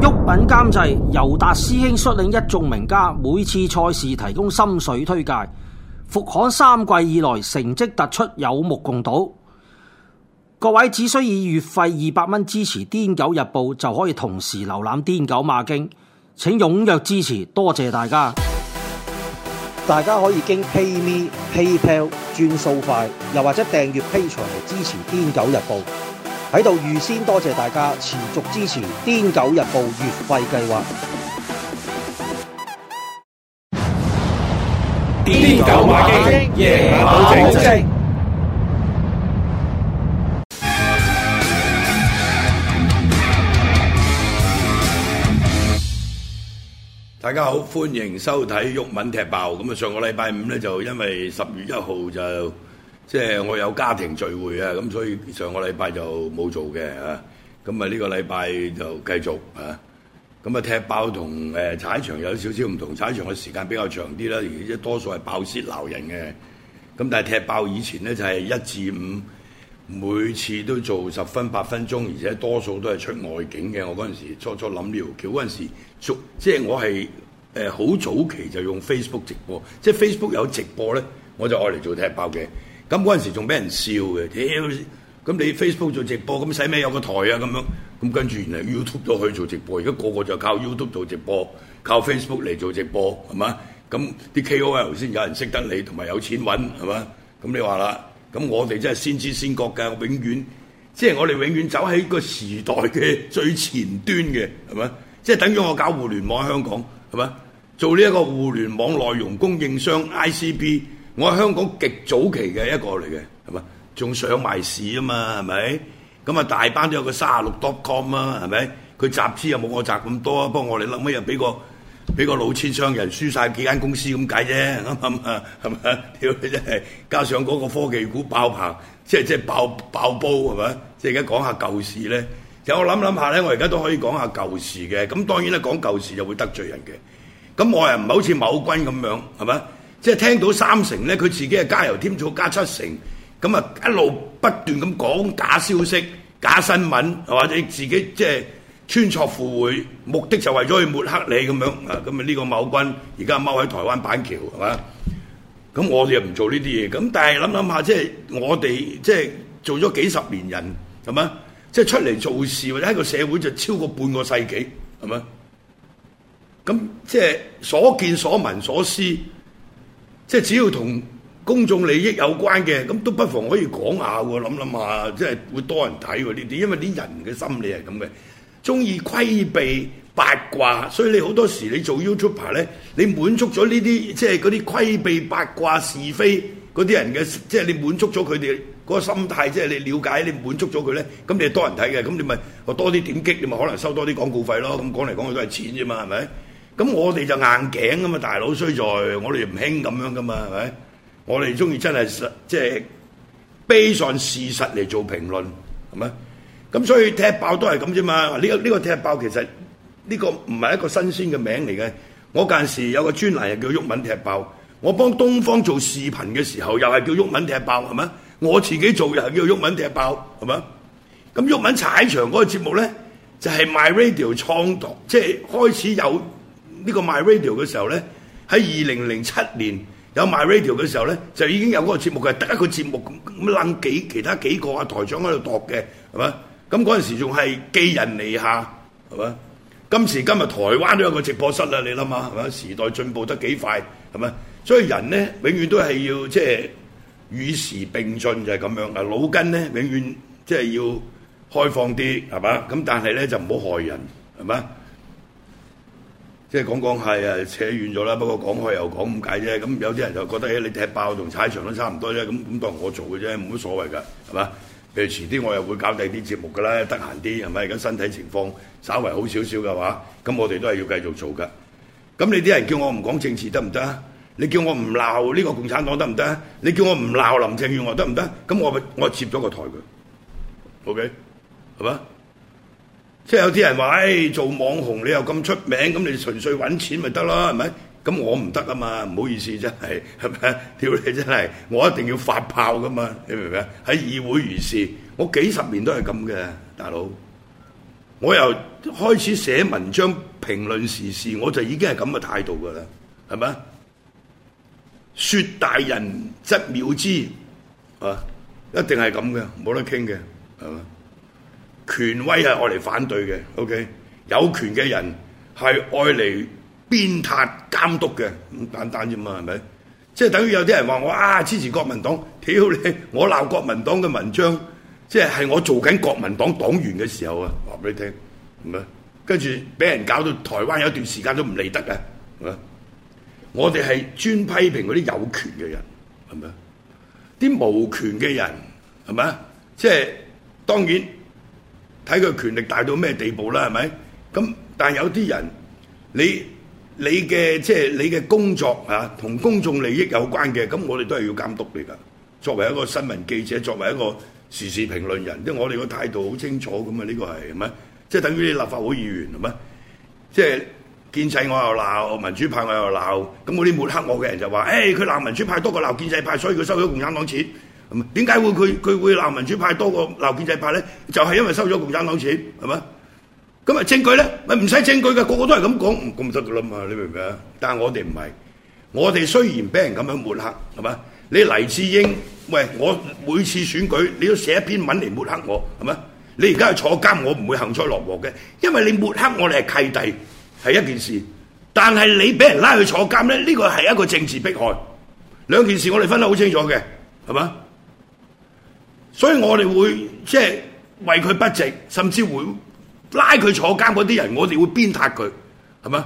玉品監製尤達師兄率領一眾名家，每次賽事提供心水推介。復刊三季以來成績突出，有目共睹。各位只需以月費二百蚊支持《癲狗日報》，就可以同時瀏覽《癲狗馬經》。請踴躍支持，多謝大家！大家可以經 PayMe、PayPal 轉數快，又或者訂閱 Patreon 嚟支持《癲狗日報》。喺度預先多謝大家持續支持《癲狗日報月費計劃》。癲狗馬基耶馬保證。大家好，歡迎收睇《毓民踢爆》。咁啊，上個禮拜五咧就因為十月一號就。即係我有家庭聚會啊，咁所以上個禮拜就冇做嘅嚇。咁咪呢個禮拜就繼續嚇。咁啊，踢爆同誒、呃、踩場有少少唔同，踩場嘅時間比較長啲啦。而且多數係爆泄鬧人嘅。咁但係踢爆以前咧就係、是、一至五，每次都做十分八分鐘，而且多數都係出外景嘅。我嗰陣時初初諗呢條橋嗰陣時，即係我係誒好早期就用 Facebook 直播，即係 Facebook 有直播咧，我就愛嚟做踢爆嘅。咁嗰陣時仲俾人笑嘅，屌、哎！咁你 Facebook 做直播，咁使咩有個台啊？咁樣，咁跟住原來 YouTube 都可以做直播，而家個個就靠 YouTube 做直播，靠 Facebook 嚟做直播，係嘛？咁啲 KOL 先有人識得你同埋有錢揾，係嘛？咁你話啦，咁我哋真係先知先覺㗎，永遠，即係我哋永遠走喺個時代嘅最前端嘅，係嘛？即係等於我搞互聯網喺香港，係嘛？做呢一個互聯網內容供應商 ICP。我係香港極早期嘅一個嚟嘅，係嘛？仲上埋市啊嘛，係咪？咁啊，大班都有個三十六 dotcom 啊，係咪？佢集資又冇我集咁多，啊。不過我哋諗咪又俾個俾個老千商人輸晒幾間公司咁解啫，啱啱啊？係咪啊？屌你真係，加上嗰個科技股爆棚，即係即係爆爆煲係咪？即係而家講下舊事咧。其實我諗諗下咧，我而家都可以講下舊事嘅。咁當然咧講舊事就會得罪人嘅。咁我又唔係好似某君咁樣，係咪？即係聽到三成呢，佢自己係加油添醋加七成，咁啊一路不斷咁講假消息、假新聞，或者自己即係、就是、穿鑿附會，目的就為咗去抹黑你咁樣啊！咁啊呢個某君而家踎喺台灣板橋係嘛？咁我哋又唔做呢啲嘢，咁但係諗諗下，即、就、係、是、我哋即係做咗幾十年人係嘛？即係、就是、出嚟做事或者喺個社會就超過半個世紀係嘛？咁即係所見所聞所思。即係只要同公眾利益有關嘅，咁都不妨可以講下喎，諗諗下，想想即係會多人睇喎呢啲，因為啲人嘅心理係咁嘅，中意窺秘八卦，所以你好多時你做 YouTuber 咧，你滿足咗呢啲即係嗰啲窺秘八卦是非嗰啲人嘅，即係你滿足咗佢哋嗰個心態，即係你了解你滿足咗佢咧，咁你係多人睇嘅，咁你咪我多啲點擊，你咪可能收多啲廣告費咯，咁講嚟講去都係錢啫嘛，係咪？咁我哋就硬頸咁嘛，大佬衰在，我哋唔興咁樣噶嘛，係咪？我哋中意真係實即係 based on 事實嚟做評論，係咪？咁所以踢爆都係咁啫嘛。呢、這個呢、這個踢爆其實呢、這個唔係一個新鮮嘅名嚟嘅。我近時有個專欄係叫毓民踢爆，我幫東方做視頻嘅時候又係叫毓民踢爆，係咪？我自己做又係叫毓民踢爆，係咪？咁毓民踩場嗰個節目咧，就係、是、my radio 創作，即、就、係、是、開始有。呢個 MyRadio 嘅時候呢，喺二零零七年有 MyRadio 嘅時候呢，就已經有嗰個節目嘅，第一個節目咁冷幾其他幾個啊台長喺度度嘅係嘛？咁嗰陣時仲係寄人籬下係嘛？今時今日台灣都有個直播室啦，你諗下，係嘛？時代進步得幾快係嘛？所以人呢，永遠都係要即係與時並進就係、是、咁樣啊！腦筋呢永遠即係要開放啲係嘛？咁但係呢，就唔好害人係嘛？即係講講係啊，扯遠咗啦。不過講開又講咁解啫。咁有啲人就覺得咧，你踢爆同踩場都差唔多啫。咁咁當我做嘅啫，冇乜所謂㗎，係嘛？譬如遲啲我又會搞第啲節目㗎啦，得閒啲係咪？而家咁身體情況稍為好少少嘅話，咁我哋都係要繼續做㗎。咁你啲人叫我唔講政治得唔得？你叫我唔鬧呢個共產黨得唔得？你叫我唔鬧林鄭月娥得唔得？咁我咪我接咗個台佢。OK，係嘛？即係有啲人話，誒、哎、做網紅，你又咁出名，咁你純粹揾錢咪得咯，係咪？咁我唔得啊嘛，唔好意思，真係係咪？屌嚟真係，我一定要發炮噶嘛，你明唔明？喺議會如是，我幾十年都係咁嘅，大佬。我又開始寫文章評論時事，我就已經係咁嘅態度㗎啦，係咪啊？説大人則藐之，啊，一定係咁嘅，冇得傾嘅，係嘛？權威係愛嚟反對嘅，OK？有權嘅人係愛嚟鞭撻監督嘅，咁簡單啫嘛，係咪？即係等於有啲人話我啊支持國民黨，屌你！我鬧國民黨嘅文章，即係係我做緊國民黨黨員嘅時候啊，話俾你聽，係咪？跟住俾人搞到台灣有一段時間都唔理得啊，係咪？我哋係專批評嗰啲有權嘅人，係咪？啲無權嘅人，係咪？即係當然。睇佢權力大到咩地步啦，係咪？咁但係有啲人，你你嘅即係你嘅工作嚇同、啊、公眾利益有關嘅，咁我哋都係要監督你㗎。作為一個新聞記者，作為一個時事評論人，即係我哋個態度好清楚咁啊！呢個係咪？即係等於你立法會議員係咪？即係建制我又鬧民主派我又鬧，咁嗰啲抹黑我嘅人就話：誒佢鬧民主派多過鬧建制派，所以佢收咗共產黨錢。點解會佢佢會鬧民主派多過鬧建制派咧？就係、是、因為收咗共產黨錢，係嘛？咁啊證據咧，咪唔使證據嘅，個個都係咁講咁得嘅啦嘛，你明唔明啊？但係我哋唔係，我哋雖然俾人咁樣抹黑，係嘛？你黎智英喂，我每次選舉你都寫一篇文嚟抹黑我，係嘛？你而家去坐監，我唔會幸災樂禍嘅，因為你抹黑我哋係契弟係一件事，但係你俾人拉去坐監咧，呢、這個係一個政治迫害，兩件事我哋分得好清楚嘅，係嘛？所以我哋會即係為佢不值，甚至會拉佢坐監嗰啲人，我哋會鞭撻佢，係咪？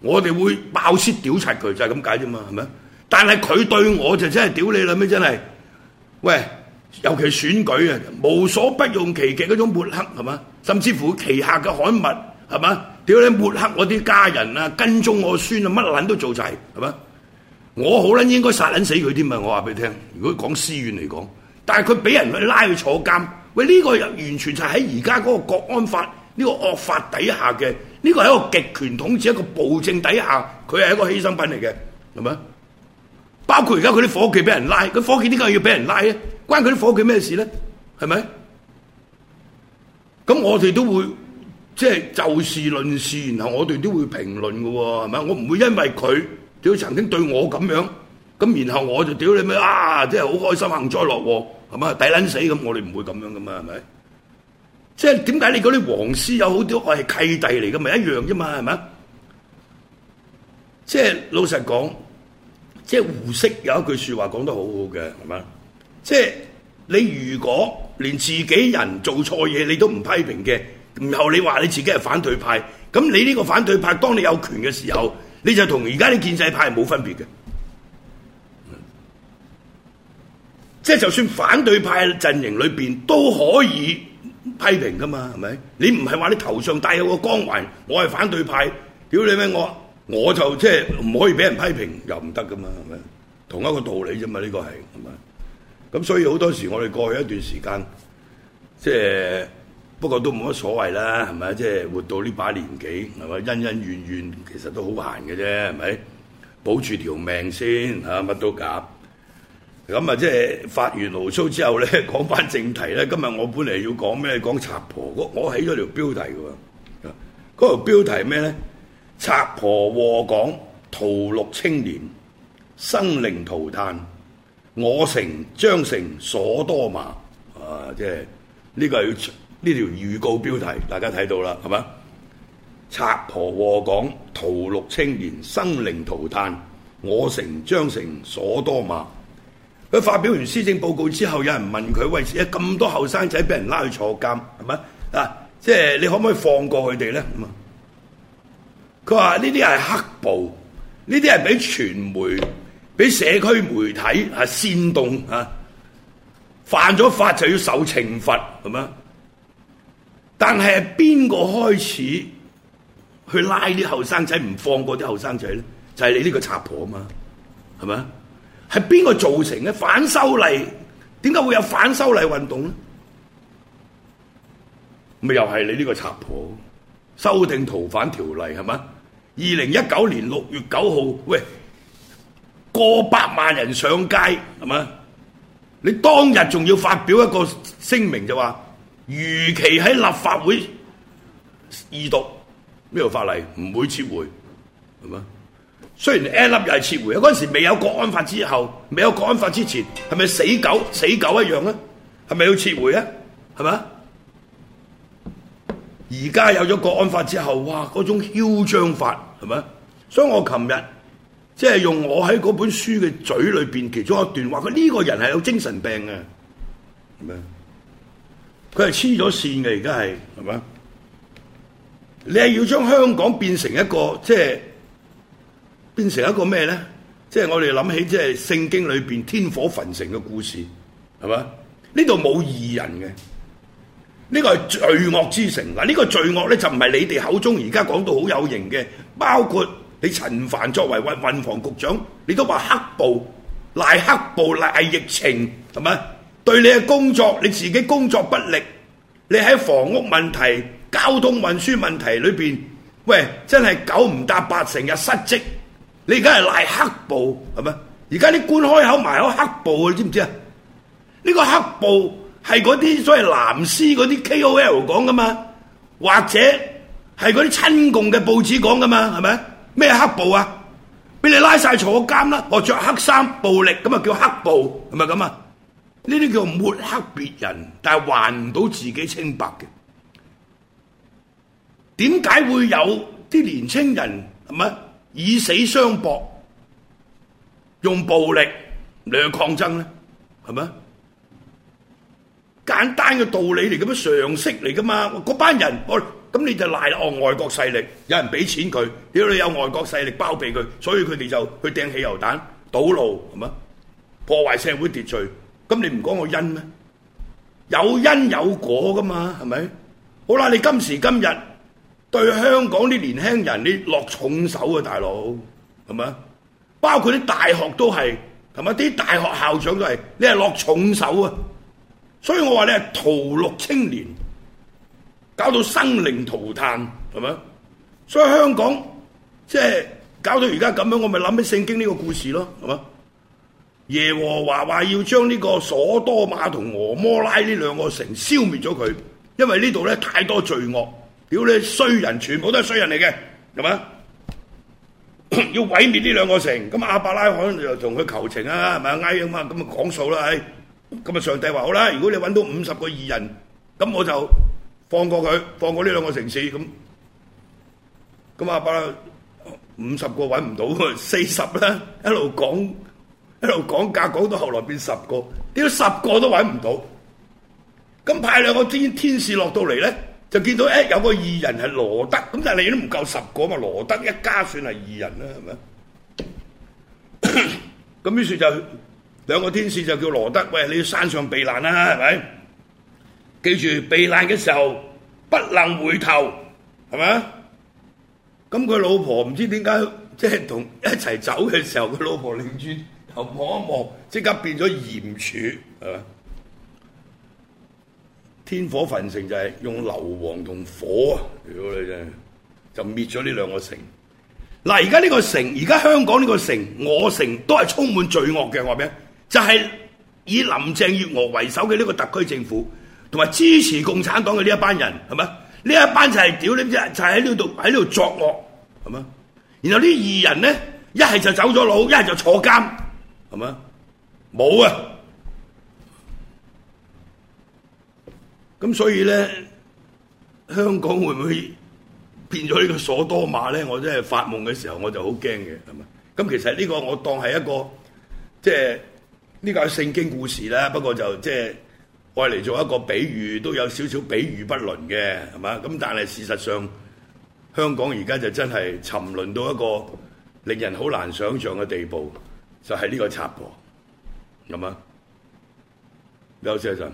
我哋會爆屍屌查佢就係咁解啫嘛，係咪？但係佢對我就真係屌你啦咩真係，喂！尤其選舉啊，無所不用其極嗰種抹黑係咪？甚至乎旗下嘅刊物係咪？屌你抹黑我啲家人啊，跟蹤我孫啊，乜撚都做齊係咪？我好撚應該殺撚死佢添呀！我話俾你聽，如果講私怨嚟講。但係佢俾人去拉去坐監，喂呢個完全就喺而家嗰個國安法呢個惡法底下嘅，呢個係一個極權統治一個暴政底下，佢係一個犧牲品嚟嘅，係咪？包括而家佢啲伙計俾人拉，佢伙計點解要俾人拉咧？關佢啲伙計咩事咧？係咪？咁我哋都會即係就事論事，然後我哋都會評論嘅喎，係咪？我唔會因為佢屌曾經對我咁樣，咁然後我就屌你咩啊，即係好開心幸災樂禍。係咪抵撚死咁？我哋唔會咁樣噶嘛，係咪？即係點解你嗰啲黃絲有好多係、哎、契弟嚟嘅，咪一樣啫嘛，係咪？即係老實講，即係胡適有一句説話講得好好嘅，係咪？即係你如果連自己人做錯嘢你都唔批評嘅，然後你話你自己係反對派，咁你呢個反對派，當你有權嘅時候，你就同而家啲建制派係冇分別嘅。即係就算反對派陣營裏邊都可以批評㗎嘛，係咪？你唔係話你頭上帶有個光環，我係反對派，屌你咩我，我就即係唔可以俾人批評又唔得㗎嘛，係咪？同一個道理啫嘛，呢、這個係係咪？咁所以好多時我哋過去一段時間，即係不過都冇乜所謂啦，係咪？即係活到呢把年紀，係咪？恩恩怨怨其實都好閒嘅啫，係咪？保住條命先嚇，乜都假。咁啊，即係發完牢騷之後咧，講翻正題咧。今日我本嚟要講咩？講賊婆。我起咗條標題嘅喎，嗰條標題咩咧？賊婆禍港，屠戮青年，生靈塗炭，我城將成所多瑪。啊，即係呢、這個係要呢條預告標題，大家睇到啦，係嘛？賊婆禍港，屠戮青年，生靈塗炭，我城將成所多瑪。佢發表完施政報告之後，有人問佢：喂，咁多後生仔俾人拉去坐監，係咪啊？即係你可唔可以放過佢哋咧？咁啊，佢話呢啲係黑暴，呢啲係俾傳媒、俾社區媒體係、啊、煽動啊！犯咗法就要受懲罰，係咪？但係邊個開始去拉啲後生仔唔放過啲後生仔咧？就係、是、你呢個賊婆啊嘛，係咪啊？係邊個造成嘅反修例？點解會有反修例運動呢？咪又係你呢個賊婆修訂逃犯條例係嘛？二零一九年六月九號，喂，過百萬人上街係嘛？你當日仲要發表一個聲明就話，如期喺立法會二讀呢條法例唔會撤回係嘛？雖然 A 粒又係撤回，嗰陣時未有國安法之後，未有國安法之前，係咪死狗死狗一樣咧？係咪要撤回啊？係咪？而家有咗國安法之後，哇！嗰種囂張法係咪？所以我琴日即係用我喺嗰本書嘅嘴裏邊其中一段話，佢呢個人係有精神病嘅，係咪？佢係黐咗線嘅，而家係係咪？你係要將香港變成一個即係？變成一個咩呢？即係我哋諗起，即係聖經裏邊天火焚城嘅故事，係嘛？呢度冇異人嘅，呢個係罪惡之城嗱。呢個罪惡呢就唔係你哋口中而家講到好有型嘅，包括你陳凡作為運運房局長，你都話黑暴賴黑暴賴疫情，係咪？對你嘅工作，你自己工作不力，你喺房屋問題、交通運輸問題裏邊，喂，真係九唔搭八，成日失職。你而家係賴黑暴，係咪？而家啲官開口埋口黑暴，你知唔知啊？呢個黑暴係嗰啲所謂藍絲嗰啲 KOL 講噶嘛，或者係嗰啲親共嘅報紙講噶嘛，係咪？咩黑暴啊？俾你拉晒坐監啦！我着黑衫暴力咁啊，叫黑暴，係咪咁啊？呢啲叫抹黑別人，但係還唔到自己清白嘅。點解會有啲年青人係咪？以死相搏，用暴力嚟抗爭呢，係咪？簡單嘅道理嚟，咁樣常識嚟噶嘛？嗰班人，我咁你就賴啦。哦，外國勢力有人俾錢佢，要你有外國勢力包庇佢，所以佢哋就去掟汽油彈、堵路，係咪？破壞社會秩序，咁你唔講個因咩？有因有果噶嘛，係咪？好啦，你今時今日。對香港啲年輕人，你落重手啊，大佬，係咪包括啲大學都係？係咪啲大學校長都係？你係落重手啊！所以我話你係屠戮青年，搞到生靈塗炭，係咪所以香港即係搞到而家咁樣，我咪諗起聖經呢、呢個故事咯，係嘛？耶和華話要將呢個所多瑪同俄摩拉呢兩個城消滅咗佢，因為呢度咧太多罪惡。屌你衰人，全部都係衰人嚟嘅，係嘛？要毀滅呢兩個城，咁阿伯拉罕就同佢求情啊，係咪啊？嗌阿媽咁啊講數啦，係咁啊！上帝話好啦，如果你揾到五十個義人，咁我就放過佢，放過呢兩個城市，咁咁阿伯拉五十個揾唔到，四十啦，一路講一路講價，講到後來變十個，屌十個都揾唔到，咁派兩個天天使落到嚟咧？就見到誒有個義人係羅德，咁但係你都唔夠十個嘛？羅德一家算係義人啦，係咪？咁 於是就兩個天使就叫羅德，喂，你要山上避難啦，係咪？記住避難嘅時候不能回頭，係咪啊？咁佢老婆唔知點解，即係同一齊走嘅時候，佢老婆擰轉頭望一望，即刻變咗鹽柱，係咪？天火焚城就係用硫磺同火嚟咗你啫，就滅咗呢兩個城。嗱，而家呢個城，而家香港呢個城，我城都係充滿罪惡嘅，話咩？就係以林鄭月娥為首嘅呢個特區政府，同埋支持共產黨嘅呢一班人，係咪？呢一班就係屌你唔知，就喺呢度喺呢度作惡，係咪？然後呢二人咧，一係就走咗佬，一係就坐監，係咪？冇啊！咁所以咧，香港會唔會變咗呢個所多瑪咧？我真係發夢嘅時候，我就好驚嘅，係咪？咁其實呢個我當係一個，即係呢個係聖經故事啦。不過就即係愛嚟做一個比喻，都有少少比喻不倫嘅，係嘛？咁但係事實上，香港而家就真係沉淪到一個令人好難想像嘅地步，就係、是、呢個賊婆，咁啊，你休息陣。